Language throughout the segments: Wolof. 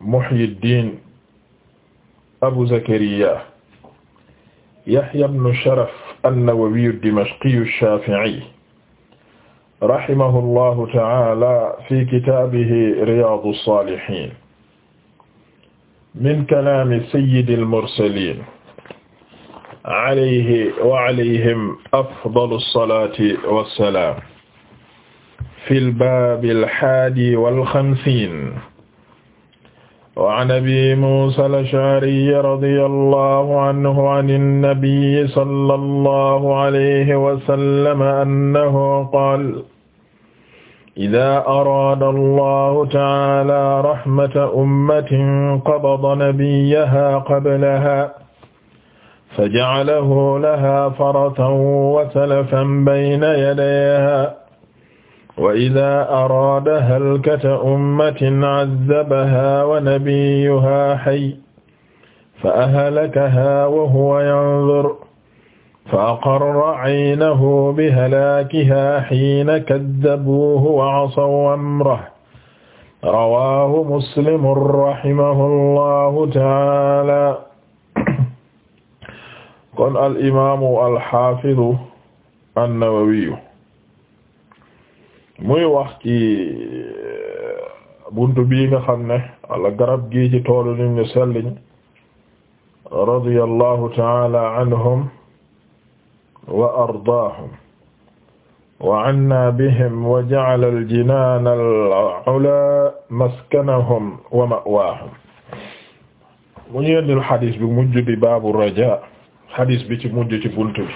Muhyiddin Abu Zakariya Yahya ibn Sharaf an-Nawawi ad-Dimashqi ash-Shafi'i rahimahullahu ta'ala fi kitaabihi Riyaadu as-Saalihiin min kalaami sayyidil mursaliin alayhi wa alayhim afdalu as-salaati was-salaam fil baabil haadi wal khamsiin وعن أبي موسى الأشعري رضي الله عنه عن النبي صلى الله عليه وسلم أنه قال إذا أراد الله تعالى رحمة أمة قبض نبيها قبلها فجعله لها فرسا وسلفا بين يديها wa idaa araada halkata ummatin azzabahaa wa nabiyyuhaa hayy fa ahlakahaa wa huwa yanzur fa aqarra caynahu bihalaakihaa hiina kaddabuuhu wa asaw amrahu rawaahu muslimun rahimahullaahu ta'aalaa kon al imaamu al haafidu an-Nawawi muy wax ci buntu bii nga xam ne wala garab gii ci toolu nit ñu selliñ radiyallahu ta'ala anhum wa ardaahum wa anna bihim wa ja'ala al-jinaana al-'ulaa maskanahum wa ma'waahum mu ñëw xadis bi mujj bi baabu rajaa xadis bi ci mujj ci buntu bi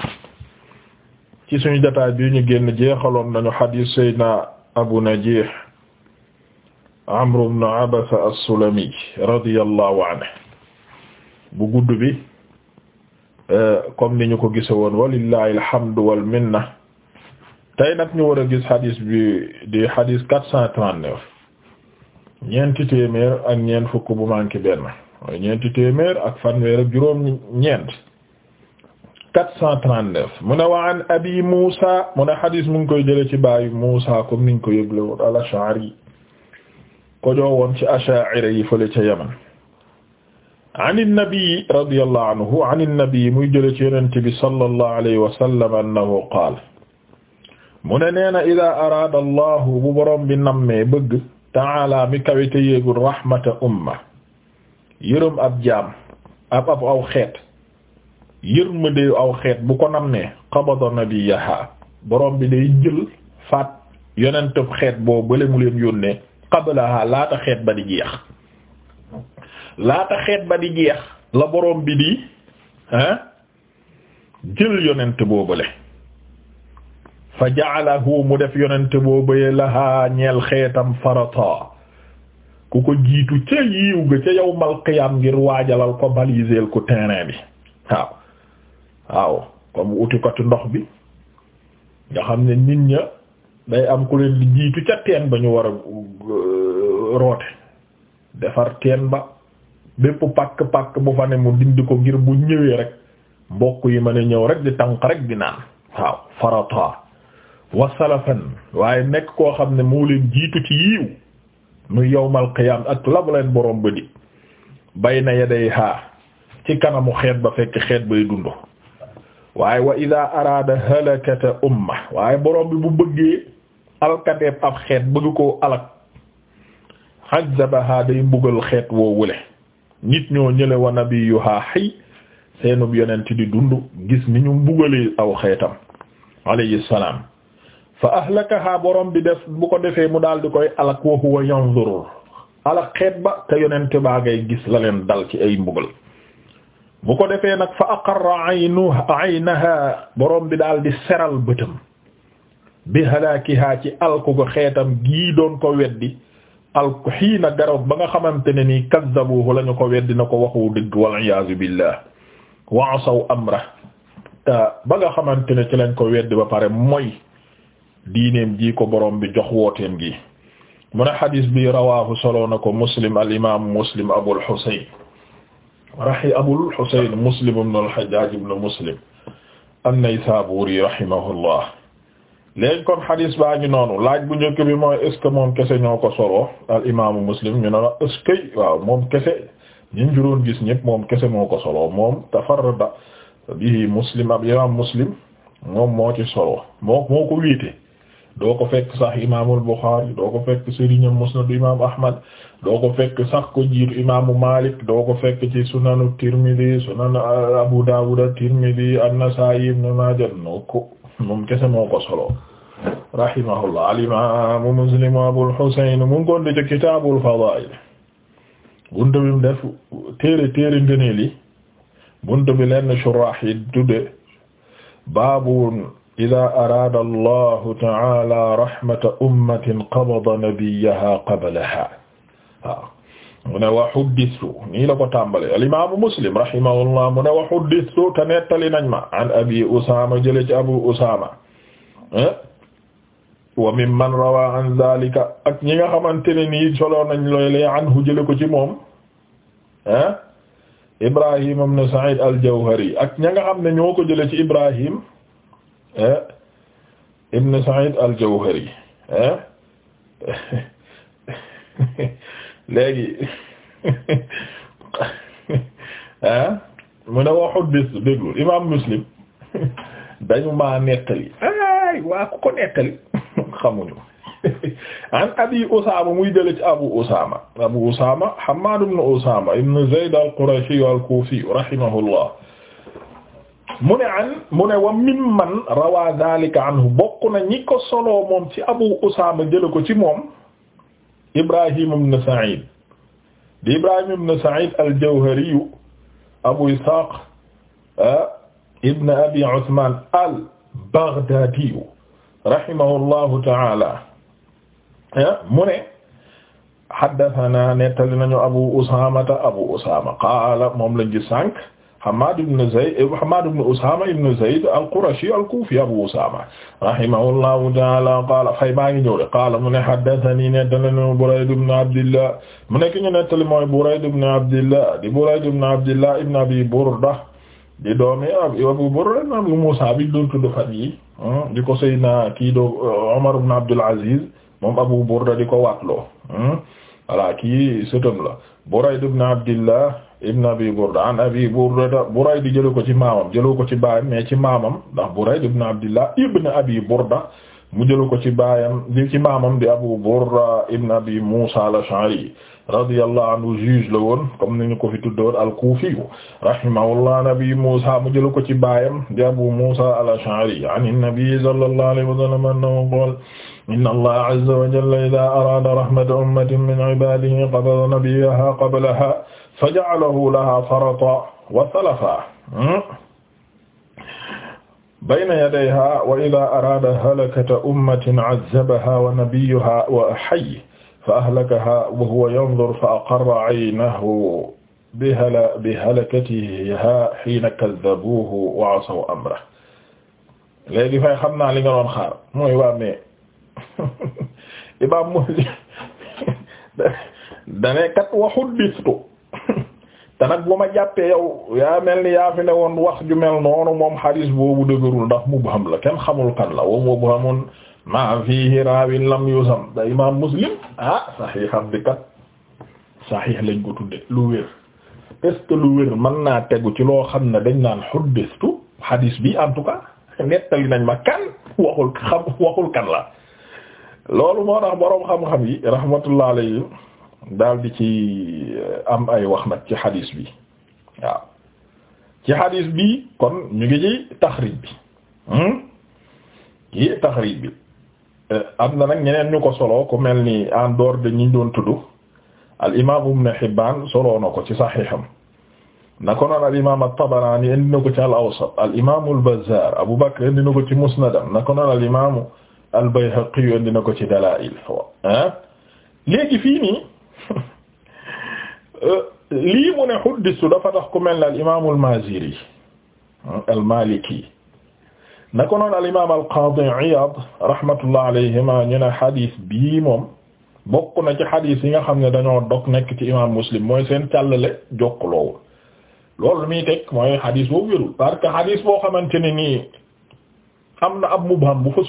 ci suñu jotaay bi ñu génn jeexaloon nañu xadiis Seydina Abu Najiih Amru ibn Abasa as-Sulami radiyallahu anhu bu gudd bi eh, comme ni ñu ko gise woon walillahi alhamdu wal minna tey nag ñu war a gis xadiis bi di xadiis ñeenti téeméer ak ñeent fukk bu manqué benn ñeenti téeméer ak fanweer juróom ñeent 439 mu ne wa an abi Musa mu ne xadis mu ngi koy jële ci baayu Musa comme niñ ko yëgle woon al-Ash'ari ci Ash'ari yi fële ca Yaman an an-nabi radiyallahu anhu an an-nabi muy bi wa sallam qaal mu ne nee na ida araada allahu bu boroom bi nammee bëgg ta'ala mi kawite yéegul rahmata umma yërëm ab jaam ab ab aw yërmande aw xeet bu ko nam ne qabada nabiyaha borom bi day jël faat yonentu xeet boo bale mu leen yónnee qablaha laata xeet ba di jeex laata xeet ba di jeex la borom bi di hein jël yonent boo bale fa ja'alahu mu def yonent boo bale laha ñeel xeetam farata ku ko jiitu ca yiiw ga ca yawmal qiyaam ngir waajalal ko baliseel ko terrain bi waaw waaw comme utikatu ndox bi nga xam ne nit ña day am ku leen di jiitu ca teen ba ñu war a euh, roote defar teen ba bépp pàkk pàkk bu fa ne mu dindi ko ngir bu ñëwee rek mbokk yi mën ne ñëw rek di tànq rek di naan waaw farata wa salafan waaye nekk koo xam ne moo leen jiitu ci yiiw mu yowmal qiyam ak labu leen borom ba di bay na yadayha ci kanamu xeet ba fekk xeet bay dund waaye wa ida araada halakata umma waaye borom bi bu bëggee alkateeb ab xeet bëgg koo alak hazabaha day mbugal xeet woo wule nit ñoo ñële wa nabiyuha xay seenub yonent di dund gis ni ñu mbugalee aw xeetam alayhi salaam fa ahlakaha borom bi def bu ko defee mu daal di koy alak wa huwa alak xeet ba te yonent baa ngay gis la leen dal ci ay mbugal bu ko defee nag fa aqarra aynu aynaha borom bi daal di seral bëtam bi halaakihaa ci alku xeetam gii doon ko weddi alku xiina garab ba nga xamante ne nii kaddabuhu la ko weddi na ko waxu dëgg wal iyaazu billah wa asaw amra ba nga xamante ne ci lañ ko weddi ba pare mooy diineem ji ko borom bi jox wooteem gi mu ne xadis bi rawaahu solo na ko muslim al imaam muslim abul xusayn rahi Abul Husayn Muslim ibn al-Hajjaj ibn Muslim an-Naysaburi rahimahullah léegi kon xadis baa ngi noonu laaj bu njëkk bi mooy est moom kese ñoo ko solo al imaamu Muslim ñu ne waaw moom kese ñun juróon gis ñëpp moom kese moo ko solo moom tafarrada bihi Muslim ab imaam Muslim moom moo ci solo moo ko wiite doo ko fekk sax imaamul Bukhari doo ko fekk sëriñam Musnad imaam Ahmad doo ko fekk sax ko jiitu Malik doo fekk ci sunanu euh, Abu Dawud at-Tirmidi an-Nasa'i ibn ko moom kese ko solo rahimahullah al-imam mu ngi ko indi ci mu def téere téere ngëneel yi buntu bi lenn ta'ala rahmata ummatin qabada nabiyyaha qablaha waaw mu wa huddistu nii la ko tàmbale alimamu muslim rahimahullah mu ne wa huddistu te nettali nañ ma an abi usama jële ci abu usama eh? wa mimman rawa an zalika ak ñi nga xamante ne nii soloo nañ looy anhu jële ko ci moom ah ibrahim ibn sa'id al-jawhari ña nga xam jële ci ibrahim eh? ibn sa'id al léegi ah mu ne waxut bis déglul imam muslim dañu maa nettali ay waa ku ko nettali xamuñu an abi Usaama muy jële ci abu Usaama abu Usaama Hammaad ibn Usaama ibn Zayd al-Qurashi al-Kufi rahimahullah mu ne an mu ne wa mimman rawaa zaalika anhu bokk na ñi ko soloo moom ci abu Usaama jële ko ci moom Ibrahim ibn Sa'id di Ibrahim ibn Sa'id al-Jawhari Abu Ishaq ah, ibn Abi Usman al-Baghdadi rahimahullahu ta'ala ah, mu ne haddathana nettali nañu Abu Usamata Abu Usama qaala moom lañ gi sànq Hammaad ibn Zayd eh, Hammaad ibn Usaama ibn Zayd al-Qurashi al-Kuufi Abu Usaama rahimahullahu ta'aala qaala fay maa ngi ñëw de qaala mu ne haddathanii nettali nu Burayd ibn Abdillah mu nekk ñu nettali mooy Burayd ibn Abdillah di Burayd ibn Abdillah ibn Abi Burda di doomi Abu Burda ibn Abi Muusaa bi doon tudd fan yi hmm, di ko Seydina kii doo Umar eh, ibn Abdul Aziz moom Abu Burda di ko waatloo hmm, voilà kii sëtam la Burayd ibn Abdillah ibn abi burda an abi burda burayd jëlu ko ci maamam jëlu ko ci baayam mais ci maamam ndax burayd ibn abdillah ibn abi burda mu jëlu ko ci baayam di ci maamam di abu burda ibn abi musa al-ash'ari radiyallahu anhu juge la woon comme ni ñu ko fi tuddoon al-kufi rahimahullah nabi musa mu jëlu ko ci baayam di abu musa al-ash'ari an an-nabi sallallahu alayhi wa sallam annahu qala inna allaha azza wa jalla idha arada rahmata ummatin min ibadihi qabada nabiyyaha qablaha fa ja'alahu laha faratan wa salafan bayna yadayha wa idha arada halakata ummatin 'azzabaha wa nabiyyuha wa hayy fa ahlakaha wa huwa yanzur fa aqarra 'aynahu bi halakatiha hina kadhabuhu wa 'asaw amrahu léegi fay xam naa li nga doon xaar mooy waa mais imaam Muslim dane kat wa huddithtu te nag bu ma jàppee yow yaa mel ni yaa fi ne woon wax ju mel noonu moom xadis boobu dëgërul ndax mubham la kenn xamul kan la wa mubhamun ma fihi raawin lam yusam da imam muslim ah saxiixam bi saxiix lañ ko tudde lu wér est-ce que lu wér mën naa tegu ci loo xam ne dañ naan xuddistu xadis bi en tout cas nettali nañ ma kan waxul xam kan la loolu moo tax boroom xam-xam yi rahmatullah alayhi daal di ci eh, am ay wax nag ci xadis bi ci xadis bi kon ñu ngi ci taxrij bi hmm? ci taxrij bi eh, am na nag ñeneen ñu ko solo ku mel ni en dehors de ñi doon tudd al imaam ibn Hibbaan solo na ko ci saxiixam na ko noon al imaam at-Tabaraani indi ci al-Awsat al imaam al-Bazzaar Abu Bakr indi na ko ci Musnadam na ko noon al imaam al-Bayhaqi indi na ko ci Dalaa'il eh? léegi fii nii Euh, lii mu ne xuddisu dafa tax ku mel ne al imaamul Maaziri al Maliki na ko noonu al imaam al qaadi Iyaad rahmatullah alayhima ñu ne xadis moom bokk na ci xadis yi nga xam ne dañoo dog nekk ci imaam Muslim mooy seen càllale jokkuloowul loolu muy teg mooy xadis boobu wérul parce que xadis boo xamante ne nii am na ab mubham bu fa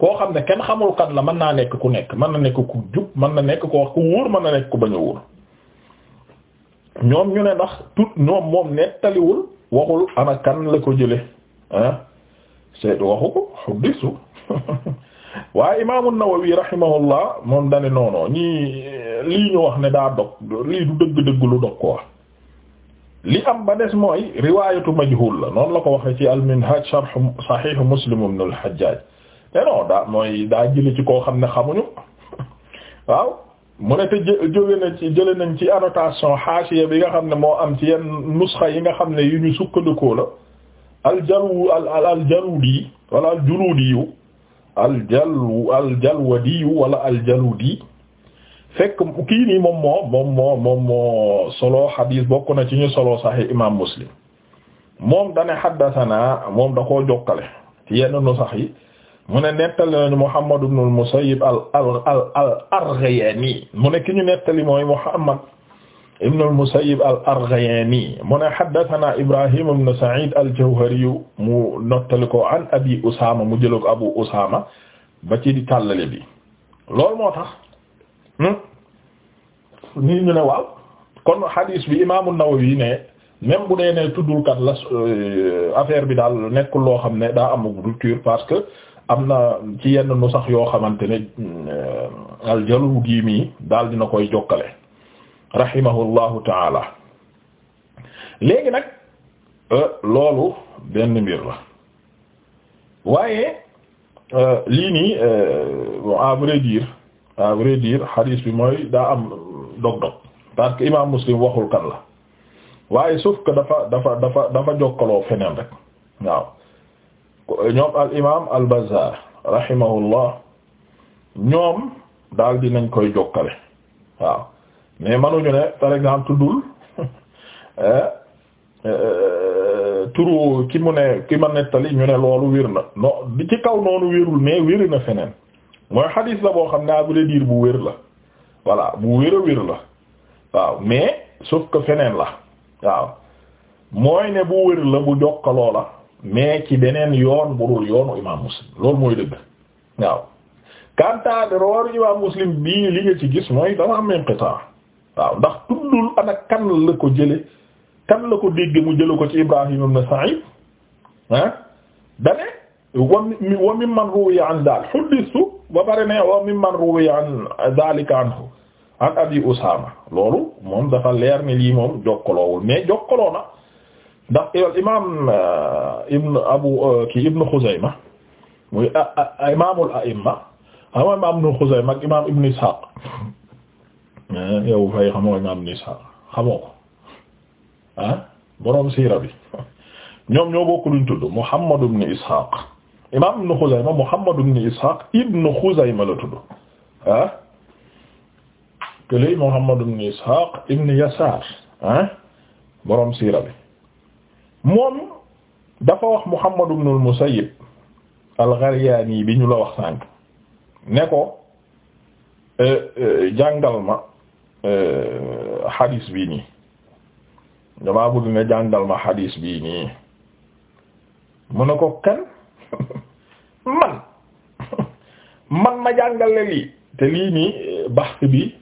koo xam ne kenn xamul kan la mën naa nekk ku nekk mën na nekk ku jub mën na nekk ko ku wóor mën na nekk ku bañ ñoom ñu ne ndax tout ñoom moom nettaliwul waxul ana kan la ko jële ah seetu seet waxu ko xuddisu waaye imaamu Nawawi rahimahullah moom dane noonoo ñii lii ñu wax ne daa dog lii du dëgg-dëgg lu dog ko wax li am ba des mooy riwaayatu majhul la noonu la ko waxee ci al-Minhaj sharh Sahih Muslim ibn al-Hajjaj te eh non daa mooy daa jële ci koo xam ne xamuñu waaw mu ne te jóge ci jële nañ ci annotation xaasiya bi nga xam ne moo am ci yenn nusxa yi nga xam ne yu ñu sukkandikoo la aljalu al aljaludi wala aljuludi yu aljalu aljalwadi yu wala aljaludi fekk kii nii moom moo moom moo moom moo solo xadiis bokk na ci ñu solo saxi imam muslim moom dane xaddasanaa moom da koo jokkale ci yenn nusax yi mu ne nettali nañu Muhammad ibn al-Musayyib mu ne ki ñu nettali mooy Muhammad ibn al-Musayyib mu ne haddathana Ibrahim ibn Sa'id al-Jawhari mu nettali ko jël ko Abu Usama ba ci di tàllale bi loolu moo tax hmm? nii ñu ne waaw kon hadis bi Imaam an-Nawawi ne même dee ne tuddul kat la euh, bi daal nekkul loo xam ne daa am rupture parce que. am na ci yenn nu sax yoo xamante ne euh, aljalu gii mii daal dina koy jokkale rahimahullahu taala léegi nag euh, loolu benn mbir la waaye euh, lii nii à vrai dire à vrai bi mooy daa am dog-dog parce que imam muslim waxul kan la waaye sauf que dafa dafa dafa dafa jokkaloo feneen rek waaw ñoom al imaam al Bazzar rahimahullah ñoom daal dinañ koy jokkale waaw mais manuñu ne par exemple tuddul eh, eh, turu ki mu ne ki ma nettali ñu ne loolu wér na no di ci kaw noonu wérul mais wéri na feneen mooy xadiis la boo xam ne à vrai dire bu wér la voilà bu wér a wér la waaw mais sauf que feneen la waaw mooy ne bu wér la bu jokkaloo la mais ci beneen yoon burul yoonu imam muslim loolu mooy dëgg waaw kanta roor imam muslim bii li nga ci gis mooy dafa am inqitaa waaw ndax tuddul ana kan la ko jële kan la ko dégg mu jële ko ci ibrahim ibn sa'id ah dane wa mimman ruwiya an daal huddistu ba pare ne wa mimman ruwiya an dhalika anhu an abi usama loolu moom dafa leer ni lii moom jokkaloowul mais jokkaloo na ndax imaam euh, Ibn Abu euh, kii Ibn Xuzayma muy imaamul a'imma ama imaam Ibn Xuzayma ak imaam Ibn Ishaq eh, yow fay xamoo imaam Ibn Ishaq xamoo ko ah boroom siira bi ñoom ñoo bokk luñ tudd Muhammad ibn Ishaq imaam Ibn Xuzayma Muhammad ibn Ishaq Ibn Xuzayma la tudd ah kële Muhammad ibn Ishaq Ibn Yasaar ah boroom siira bi. moom dafa wax Muhammad ibn al-Musayyib al-Gharyaani bi ñu la wax sànq ne ko euh, euh, jàngal ma xadis euh, bii nii damaa bëgg nga jàngal ma xadis bii nii mu ne ko kan man man ma jàngale lii te lii nii baxs bi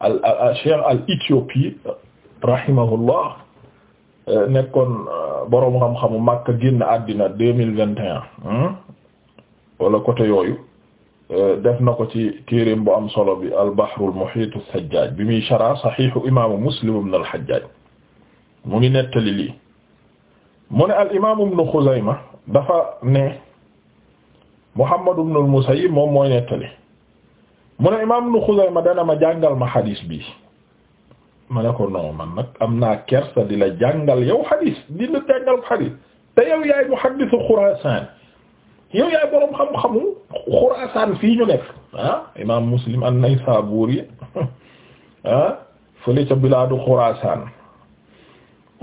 al al cheikh al éthiopie Euh, nekkoon euh, boroomu xam-xamu Makka génn àddina deux mille vingt et hmm? wala côté yooyu euh, def na ko ci téereem bu am solo bi al-Bahrul Muhit as-Sajjaj bi muy shara saxiixu imaamu Muslim ibn al-Hajjaj ngi nettali lii mu ne al-imaam dafa ne Muhammad ibn al-Musayyib moom mooy nettali mu ne imaam ibn Xuzayma dana ma jàngal ma xadiis bi. ma ne ko non man nag am naa kersa di la jàngal yow xadis di la jàngal xadis te yow yaay muhaddisu Xuraasaan yow yaay boroom xam-xamu Xuraasaan fii ñu nekk ah imaam Muslim an-Naysaabuuri ah fële ca bilaadu Xuraasaan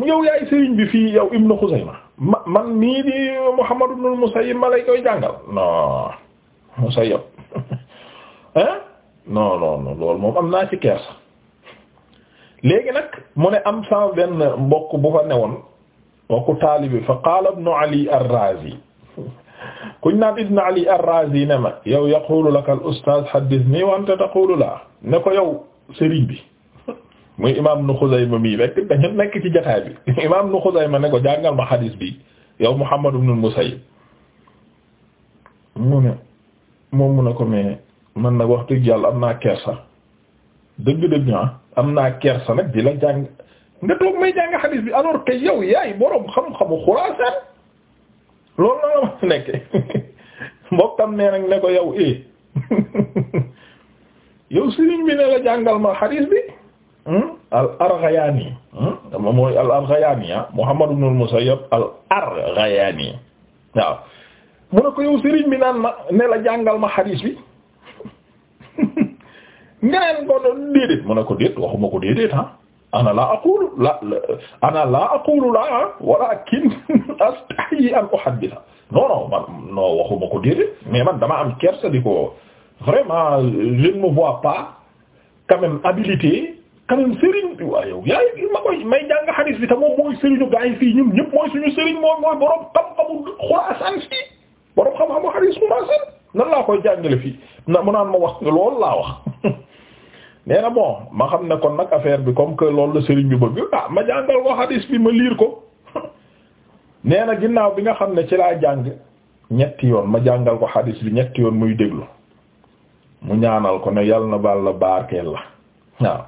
yow yaay sëriñ bi fii yow Ibnu Xuzayma ma man mii di Muhammad ibnul ma lay koy jàngal non Musayyib ah non non non loolu moom am naa ci kersa. léegi nag mu ne am sama benn mbokk bu fa newoon mbokku taalibi fa qaala ibnu ali ar-razi kuñ naan ibnu ali ar-razi ne ma yow yaqulu laka al-ustaaz haddithni wa anta taqulu la ne ko yow sëriñ bi muy imaam ibnu xuzayma mii rek dañu nekk ci jotaay bi imaam ibnu xuzayma ne ko jàngal ma xadiis bi yow muhammad ibnu musayyib mu ne moom mu ne ko mais man nag wax dëgg yàlla am naa kersa dëgg-dëgg ah am naa kersa nag di la jàng nga toog may jàng xadiis bi alors que yow yaay boroom xam-xamu xuraasaan loolu na nga ma nekke mbokkam nee nag ne ko yow eh yow sëriñ bi ne la jàngal ma xadiis bi hmm? al Arghayani hmm? dama mooy al Arghayani ah, mu ne ko yow sëriñ bi naan ma ne la jàngal ma xadiis bi ngeneen ko doon déedéet mu ne ko déet waxuma ko déedéet ah ana laa aqulu la ana laa aqulu laa ah. walakin astahi an uhaddisa non non man ko déedéet mais man dama am kersa di ko vraiment je ne me vois pas quand même habilité quand ma koy may jàng xadiis bi te mooy Serigne gaa yi fii ñun mooy suñu mooy borom xam-xamu Xuraasaan si borom xam-xamu xadiis Xuraasaan nan laa koy jàngale fii na mu naan ma wax loolu laa wax. nee na bon ma xam ne kon nag affaire bi comme que loolu la sëriñ bi bëgg a ah, ma jàngal ko hadis bi ma liir ko nee na ginnaaw bi nga xam ne ci laa jàng ñetti yoon ma jàngal ko hadis bi ñetti yoon muy déglu mu ñaanal ko ne yal na baal la barkeel la waaw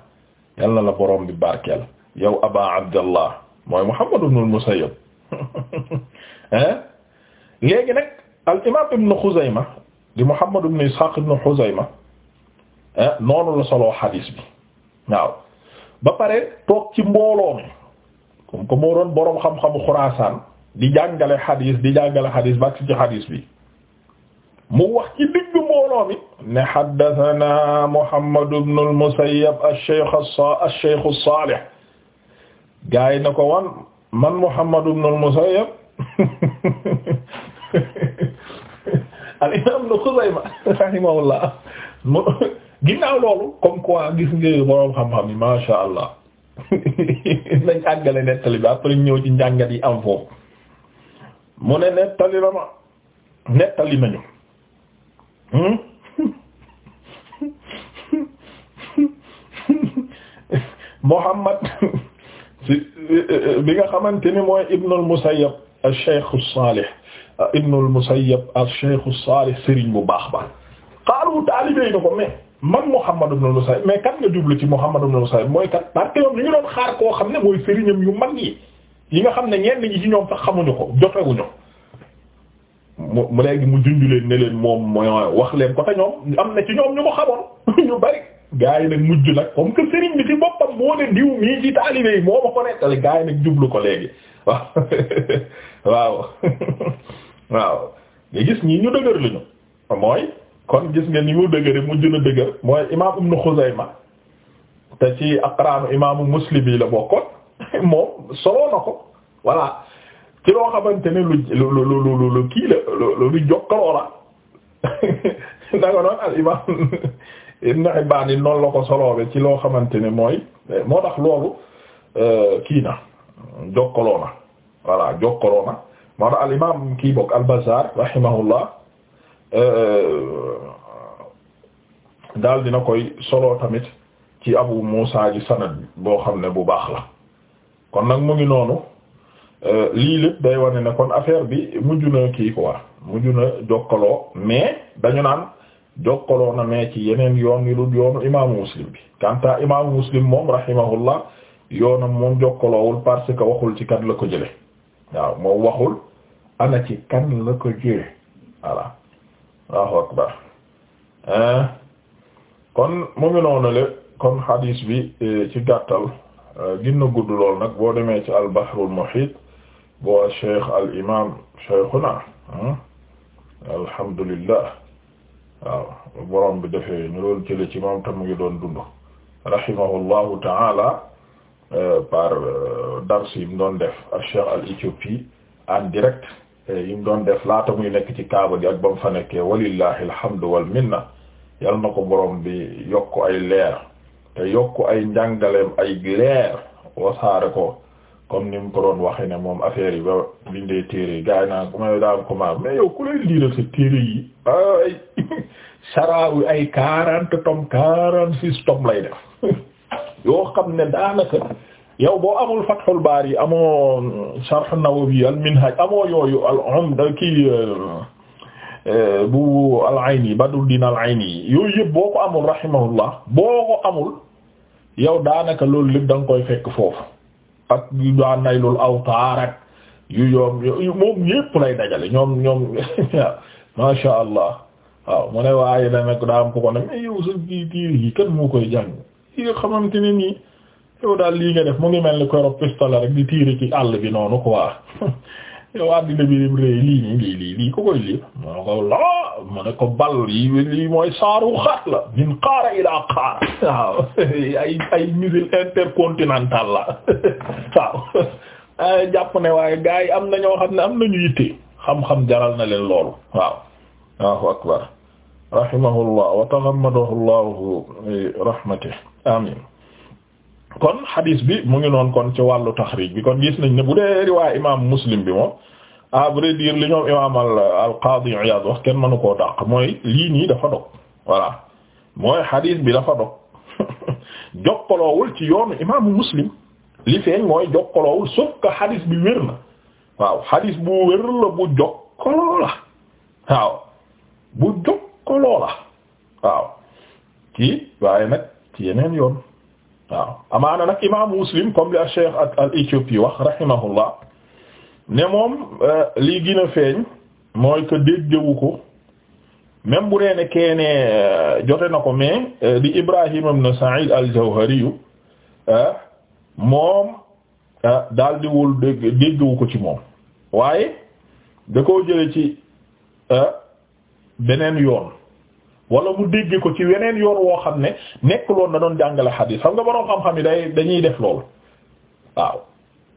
yal na la borom bi barkeel yow aba abdallah mooy muhammad ibn al-musayyib hein eh? léegi nag al imam ibn xuzayma di muhammad ibn ishaq ibn xuzayma Ah, noonu la soloo xadiis bi waaw ba pare toog ci mbooloo mi comme que moo doon boroom xam-xamu xuraasaan di jàngale xadiis di jàngale xadiis ba ci xadiis bi mu wax ci digg mbooloo mi ne haddathana Muhammad ibn al-Musayyab ash-shaykh ash-shaykh as-salih gaa yi na ko wan man Muhammad ibn al-Musayyab al-imam Ibn Khuzaymah rahimahullah ginnaaw loolu comme quoi gis nga boroom xam-xam allah nañ àggale nettali bi après ñëw ci njàngat yi am foofu mu ne nettali na ma nettali nañu hmm? Muhammad bi nga xamante ni mooy Ibn al-Musayyab al-Shaykh as-Salih Ibn al-Musayyab al-Shaykh as bu baax ba xaalu ko mais man Muhammad ibn Nusayb mais kat nga jublu ci Muhammad ibn Nusayb mooy kat parce que ñoom ñu ngi doon xaar koo xam ne mooy sëriñam yu mag yi yi nga xam ne ñenn ñi ci ñoom sax xamuñu ko jotewuñu mu mu léegi mu junj leen ne leen moom mooy wax leen ko te ñoom am na ci ñoom ñu ko xamoon ñu bari gaa yi nag mujj nag comme que sëriñ bi ci boppam moo ne diw mii ci taalibe yi moo ma ko nettali gaa yi nag jublu ko léegi waaw waaw waaw gis ñii ñu dëgër lañu mooy. kon gis nga ni mu dëgëri mujj na dëgër mooy imaam Ibn Xuzayma te ci aqraanu imaamu Muslim yi la bokkoon moom soloo na ko voilà ci loo xamante ne lu lu lu lu kii la lu lu jokkaloo la danga noon al imaam Ibn Hibbaan yi noonu la ko soloobe ci loo xamante ne mooy moo tax loolu euh, kii na jokkaloo na voilà jokkaloo na moo tax al imaam kii bokk al Bazzaar rahimahullah Euh, euh, daal dina koy solo tamit ci abu muusa ji sanad boo xam ne bu baax la kon nag mu ngi noonu euh, lii lépp day wane ne kon affaire bi mujj na kii quoi mujj na jokkaloo mais dañu naan jokkaloo na mais ci yeneen yoon yu dul yoonu imaamu muslim bi kanta imaamu muslim moom rahimahullah yoonam moom jokkaloowul parce que waxul ci kan la ko jële waaw moom waxul ana ci kan la ko jële voilà waaw akbar kon mu ngi noonu le kon hadis bi eh, ci gàttal eh, ginna gudd lool nag boo demee ci al bahrul muhit boo cheikh al imam cheikhuna alhamdulillah waaw borom bi defee ñu loolu jële ci moom tam mu ngi doon dund rahimahullahu taala eh, par darsi mu doon def al cheikh al éthiopie en direct Eh, yi mu doon def laata muy nekk ci kaaba gi ak ba mu fa nekkee walillahi alhamdu wal minna yal na ko borom bi yokk ay leer te yokk ay njàngaleem ay leer wasaare ko comme ni mu ko doon waxee ne moom affaire yi ba bindee téere yi gars yi naan ku may daan commencé mais yow ku lay yi ay saraa ay quarante tomes quarante six tomes lay def yoo xam ne daanaka. yow boo amul Fathul Baari amoo Sharh An-Nawawi al-Minhaj amoo yooyu al-Umda kii bu al-Ayni Badruddin al-Ayni yooyu yëpp boo ko amul rahimahullah boo ko amul yow daanaka loolu lépp da nga koy fekk foofu ak yu daan Naylul Awtaar ak yu yoom moom ñépp lay dajale ñoom ñoom masha Allah waaw mu ne waaye da nag daa am ko ko ne mais yow sa kii kii yi kan moo koy jàng yi nga xamante ne nii yow daal lii nga def mu ngi mel ni koroog pistolet rek di tiire ci àll bi noonu quoi yow àddina bi dem réy lii lii lii lii ko koy lii moo ko la mu ne ko bal yi lii mooy saaru xaat la min xaara ilaa xaara waaw ay ay missile intercontinental la waaw jàpp ne waaye gars yi am na ñoo xam ne am nañu yitte xam-xam jaral na leen loolu waaw waaw akbar rahimahullah wa taghammadahu llahu amin kon hadis bi mu ngi noon kon ci wàllu taxriij bi kon gis nañ ne bu dee riwaaya imam muslim bi moom à vrai dire li ñoom imam al qaadi Iyaad wax kenn mënu koo daq mooy lii nii dafa dog voilà mooy hadis bi dafa dog jokkaloowul ci yoon imaamu muslim li feeñ mooy jokkaloowul sauf que hadis bi wér na waaw hadis bu wér la bu jokkaloo waaw bu jokkaloo la waaye nag ci yeneen yoon waaw amaana nag imaamu muslim comme li al cheikh al éthiopie wax rahimahullah ne moom euh, lii gën feeñ mooy que déggewu ko même bu dee ne keene euh, jote na ko mais euh, di Ibrahim ibn Sa'id al-Jawhari yu moom daal diwul dégg ko ci moom waaye da koo jële ci beneen yoon wala mu dégg ko ci weneen yoon woo xam ne nekk loon na doon jàngale xadiis xam nga boroom xam-xam yi day dañuy def loolu waaw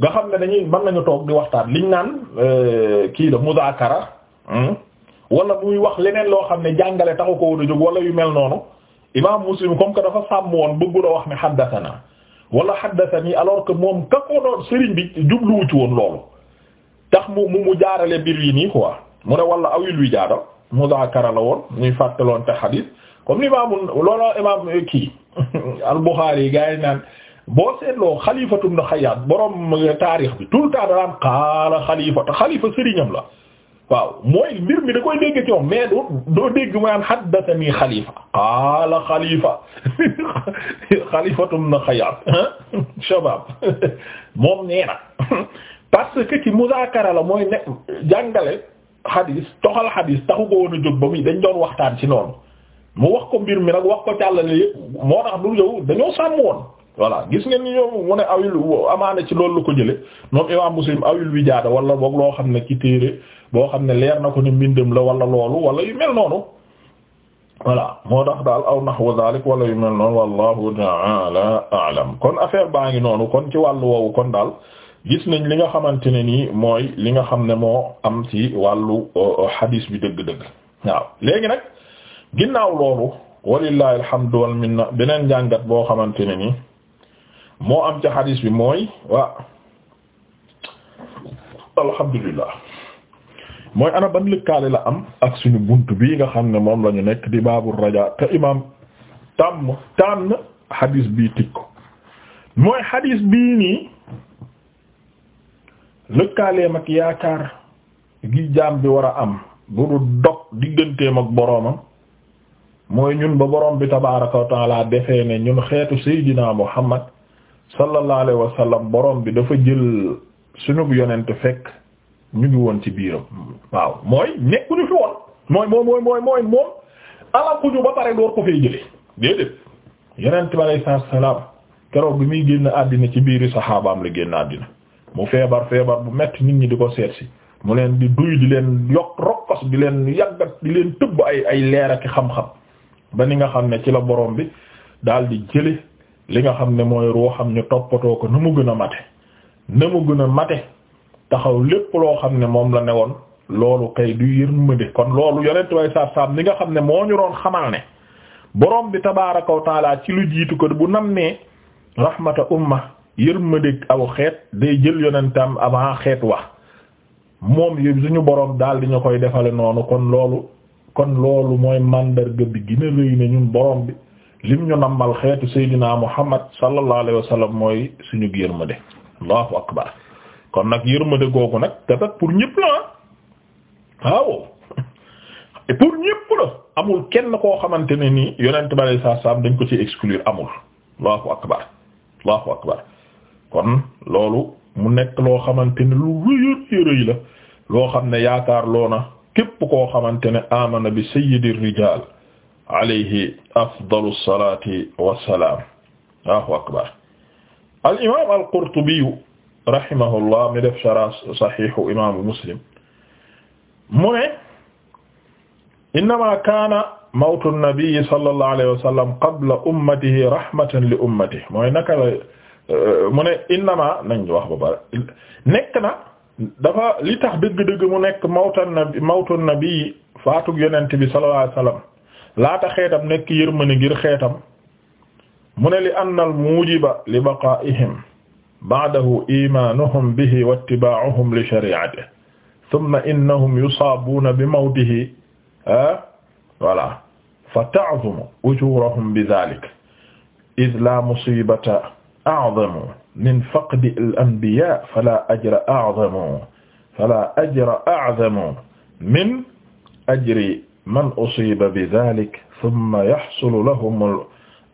nga xam ne dañuy mën nañu toog di waxtaan liñ naan euh, kii la mudaakara hmm? wala muy wax leneen loo xam ne jàngale taxu ko woon a jóg wala yu mel noonu imaam muslim comme que dafa sàmm woon bëggu la wax ne xaddasanaa wala xaddathani alors que moom ka ko doon sëriñ bi jubluwu ci woon loolu tax mu mu jaarale mbir yi nii quoi mu ne wala awil wi muzaakara la woon ñuy fàttaloon te xadiis comme l'imam looloo imam kii al-Bukhari yi gars yi naan boo xalifatu ibn Xayyaat borom bi tout le temps daan xaala xalifa te xalifa sëriñam la waaw mooy mbir mi da koy dégg ci moom mais doo doo dégg mu naan haddathanii xalifa xaala xalifa xalifatu ibn Xayyaat shabab moom nee na parce que ci muzaakara la mooy ne jàngale. xadis toxal xadis taxu ko woon a jóg muy dañ doon waxtaan ci noonu mu wax ko mbir mi nag wax ko càllale yëpp moo tax du yow dañoo sàmm woon voilà gis ngeen ni ñoom mu awil amaana ci loolu la ko jële moom imam muslim awil wi jaada wala boog loo xam ne ki téere boo xam ne leer na ko ni mbindam la wala loolu wala yu mel noonu voilà moo tax daal aw nahwa zalik wala yu mel noonu wallahu ta'ala a'lam kon affaire baa ngi noonu kon ci wàllu woowu kon daal gis nañ li nga xamante ne nii mooy li nga xam ne moo am ci wàllu euh, euh, hadis bi dëgg-dëgg waaw léegi nag ginnaaw loolu walillahi alhamdu wal minna beneen jàngat boo xamante ne nii moo am ci hadis bi mooy waa alhamdulillah mooy ana ban lëkkaale la am ak suñu bunt bii nga xam ne moom la ñu nekk di baabu raja te imam tàmm tànn hadis bii tikk mooy hadis bii nii lëkkaaleem ak yaakaar gi jaam bi war a am bu du dog digganteem ak boroomam mooy ñun ba boroom bi tabaaraka wa taala defee ne ñun xeetu seydinaa muhammad sallallahu alayhi wa sallam boroom bi dafa jël suñu yonent fekk ñu ngi woon ci biiram waaw mooy nekkuñu fi woon mooy moom mooy mooy mooy moom alakuñu ba pare door ko fay jëlee déedéet yonent bi alayhi salaam keroog bi muy génn àddina ci biiri saxaabaam la génn àddina mu feebar feebar bu metti nit ñi di ko seet si mu leen di duy di leen yokk rokkos di leen yàggat di leen tëbb ay ay leer ak xam-xam ba ni nga xam ne ci la borom bi daal di jële li nga xam ne mooy ruuxam ñu toppatoo ko na mu gën a mate na gën a mate taxaw lépp loo xam ne moom la ne woon loolu kay kon loolu yonent way saab saab li nga xam ne moo ñu doon xamal ne borom bi tabaaraka wa taala ci lu jiitu ko bu nam nee rahmata umma yërmandeeg aw xeet day jël yonentam avant xeet wax moom yi suñu boroom daal di ñu koy defale noonu kon loolu kon loolu mooy màndarga bi gën a ñun boroom bi lim ñu nammal xeetu seydinaa muhammad sallallahu alayhi wa mooy suñu yërmande allahu akbar kon nag yërmande googu nag te nag pour ñépp la ah. amul kenn koo xamante ne nii yonent bi sallallahu alayhi dañ ko ci exclure amul allahu akbar allahu akbar kon loolu mu nekk loo xamante ne lu rëy la loo xam ne yaakaar loona képp koo xamante ne amana bi sayyidi rijal alayhi afdalu salati wassalaam Allahu akbar al imam al Qurtubi rahimahullah mi def sharh sahihu imaamu Muslim mu ne innama kaana mawtu nnabii sallallahu alayhi wa sallam qabla ummatihi rahmatan li ummatihi mooy naka la Euh, mu ne innama nañ wax ba pare nekk na dafa li tax dëgg-dëgg mu nekk mawtan nabi mawtun nabi faatug yonent bi sallallahu alayhi wasallam laata xeetam nekk yërmande ngir xeetam mu ne li annal mujiba li baqaa'ihim ba'dahu imanuhum bihi wa ittiba'uhum li shari'atihi thumma innahum yusaabuna bi mawtihi ah, voilà fa ta'zumu ujurahum bi dhalik idh la musibata a'zamu min faqdi al-anbiya fala ajra a'zamu fala ajra a'zamu min ajri man usiba bi dhalik thumma yahsulu lahum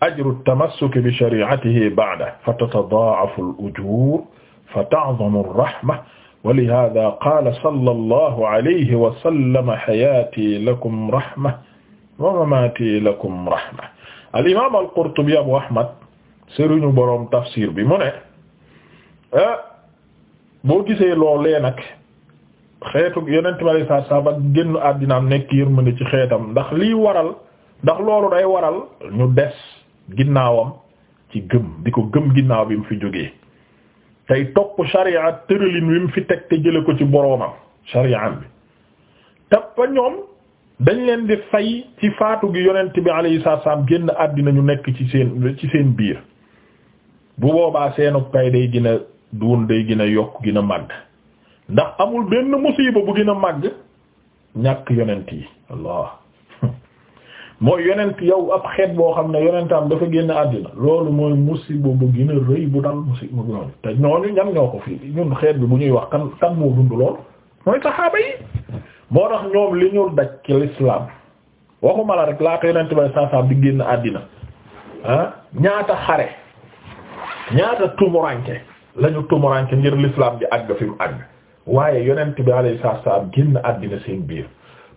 al-ajru at-tamassuki bi shari'atihi ba'dahu fatatada'afu al-ujur fata'zamu ar-rahma wa lihadha qala sallallahu alayhi wa sallam hayati lakum rahma wa mamati lakum rahma al-imam al-Qurtubi Abu Ahmad sëriñu boroom tafsir bi mu ne ah, boo gisee loolee nag xeetu yonent bi alay saat salam ak génn àddinaam nekk yërmande ci xeetam ndax liy waral ndax loolu day waral ñu des ginnaawam ci gëm di ko gëm ginnaaw bi mu fi jógee tey topp sharia tëralin wi mu fi teg te jële ko ci boroomam sharia bi te fa ñoom dañ leen di fay ci faatu gi yonent bi alayhi salaam génn àddina ñu nekk ci seen ci seen biir bu boobaa seenu pay day gina a duun day gën yokk gën a màgg ndax amul benn musiba bu gën a màgg ñàkk yonent yi allah mooy yonent yow ab xeet boo xam ne yonentam dafa génn àddina loolu mooy musiba bu gën a rëy bu dal musiba bu ñooñu te ñooñu ñan ñoo ko fii ñun xeet bi bu ñuy wax kan kan moo dund lool mooy saxaaba yi moo tax ñoom li ñu daj ci l'islam waxuma la rek laata yonent bay saasaam di génn àddina ah ñaata xare ñaata tumuranke lañu tumuranke ngir l'islam di àgg fi mu àgg waaye yonent bi alayhi salaam génn àddina seen biir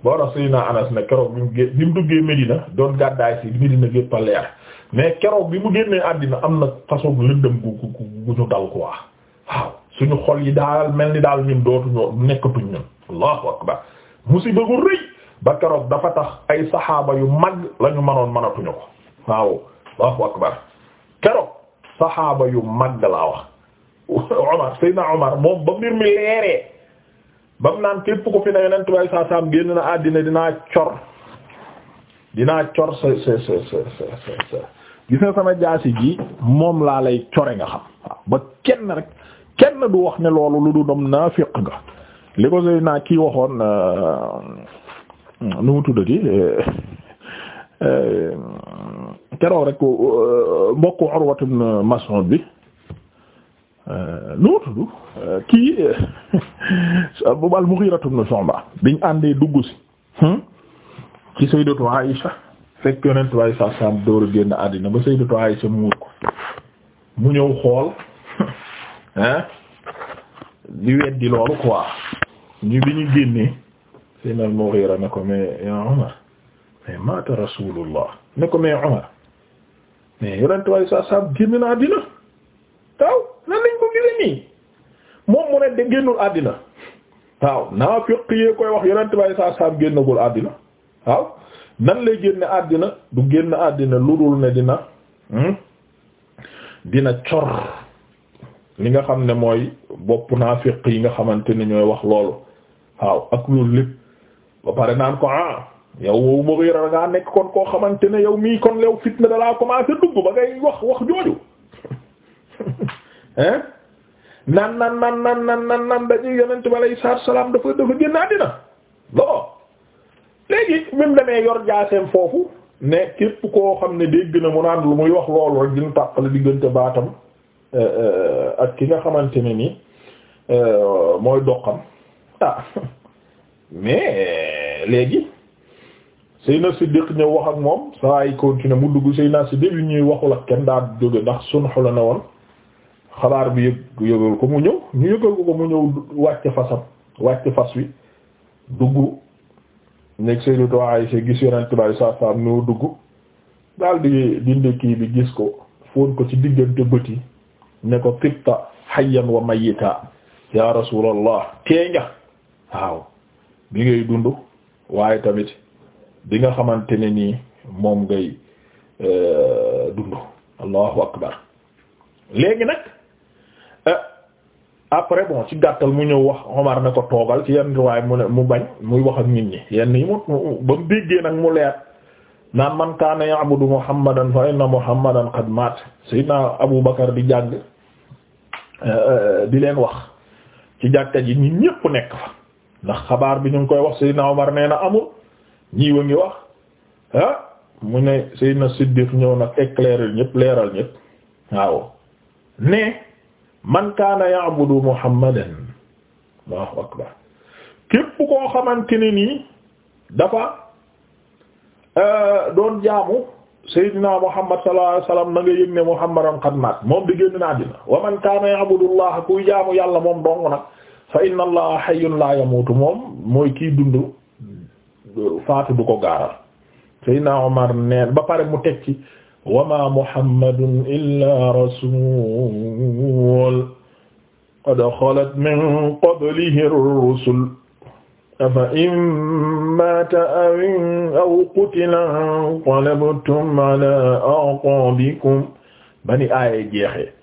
boo tax Seydina Anas ne keroog bi mu gé bi mu duggee Medina doon gàddaay si Medina gépp a leer mais keroog bi mu génnee àddina am na façon lëndëm gu gu gu ñu dal quoi waaw suñu xol yi daal mel ni daal ñun dootuñoo nekkatuñ ñun allahu akbar musiba gu rëy ba keroog dafa tax ay saxaaba yu mag la ñu mënoon mënatuñu ko waaw saxaaba yu mag laa wax Omar Seydina Omar moom ba mbir mi leeree ba mu naan képp ko fi ne yonent bi saa saam génn na àddina dinaa cor dinaa cor sa sa sa sa sa gis na sama jaasi ji moom laa lay core nga xam ba kenn rek kenn du wax ne loolu lu du doom naafiq nga li ko Seydina kii waxoon euh, nu mu tuddati euh, euh, keroog rek mbokk Urwatu ibn Mas'ud bi nu tudd kii al-Mughiratu ibn Shu'ba biñ àndee dugg si hmm? ci Sayyidatu Aïsha fekk yonent door a génn àddina ba Sayyidatu Aïsha muur ko mu ñëw xool hein di weddi loolu quoi ñu bi ñu génnee Sayyidina al-Mughira ne ko mais ya Umar mais mata Rasulullah ne ko mais Umar mais yonent way génn na àddina waaw nan lañ ko gise nii moom mu ne de génnul àddina waaw naa fekk yee koy wax yonent way sa sab génnagul àddina waaw nan lay génne àddina du génn àddina lu dul ne dina hmm? dina cor li nga xam ne mooy bopp naa fekk yi nga xamante ni ñooy wax loolu waaw ak loolu lépp ba pare naan ko ah yow Mughira ngaa nekk kon koo xamante ne yow mii kon lew fitna dalaa commencé dugg ba ngay wax wax jooju hein nan nan nan nan nan nan nan dañuy yonent bi salaam dafa dafa génn àddina bon léegi bi mu yor jaaseem foofu ne képp koo xam ne dégg na mu naan lu muy wax loolu rek dina tàqale diggante baatam euh, euh, ak ki nga xamante ne ni euh, mooy doqam ah mais léegi. Seydina Siddiq ñëw wax ak moom saa yi continué mu dugg Seydina Siddiq yu ñuy waxul ak kenn daa jóge ndax sunxu la ne woon xabaar bi yëg yëgal ko mu ñëw ñu yëgal ko ko mu ñëw wàcc fasam wàcc fas wi dugg nekk Sayyidatu Aisha gis Yonent bi saa saa mu dugg daal di dindi kii bi gis ko fóon ko ci diggante bët yi ne ko tibta hayyan wa mayyita ya Rasulallah tee waaw bi ngay dund waaye tamit. bi nga xamante ne nii moom ngay euh, dund allahu akbar léegi nag euh, après bon ci gàttal mu ñëw wax Omar ne ko toogal ci yenn riwaay mu ne mu bañ muy wax ak nit ñi yenn yi mu ba mu déggee nag mu leer naan man kaana ya'budu muhammadan fa inna muhammadan qad maat sayyidina Abu Bakar di jàgg euh, di leen wax ci jàkka ji ñi ñépp nekk fa ndax xabaar bi ñu ngi koy wax sayyidina Omar nee na amul ñiiwa ngi wax ah, mu ne Seydina Siddiq ñëw nag éclairer ñépp leeral ñëpp waaw ne man kaana ya'budu Muhammadan Allahu akbar képp koo xamante ne nii dafa euh, doon jaamu Seydina Muhammad sallallahu alayhi wasallam na yëg ne Muhammadan qad moom di génn na àddina wa man kaana ya'budu Allah kuy jaamu yàlla moom dong nag fa inna Allaha hayyun la yamutu moom mooy kiy dund faatu du ko gaaral Seydina Omar neen ba pare mu teg ci wa ma Muhammadun illa rasul qad xalat min qablihi ar-rusul afa in mata awin aw qutila inqalabtum ala aqabikum bani aaya jeexee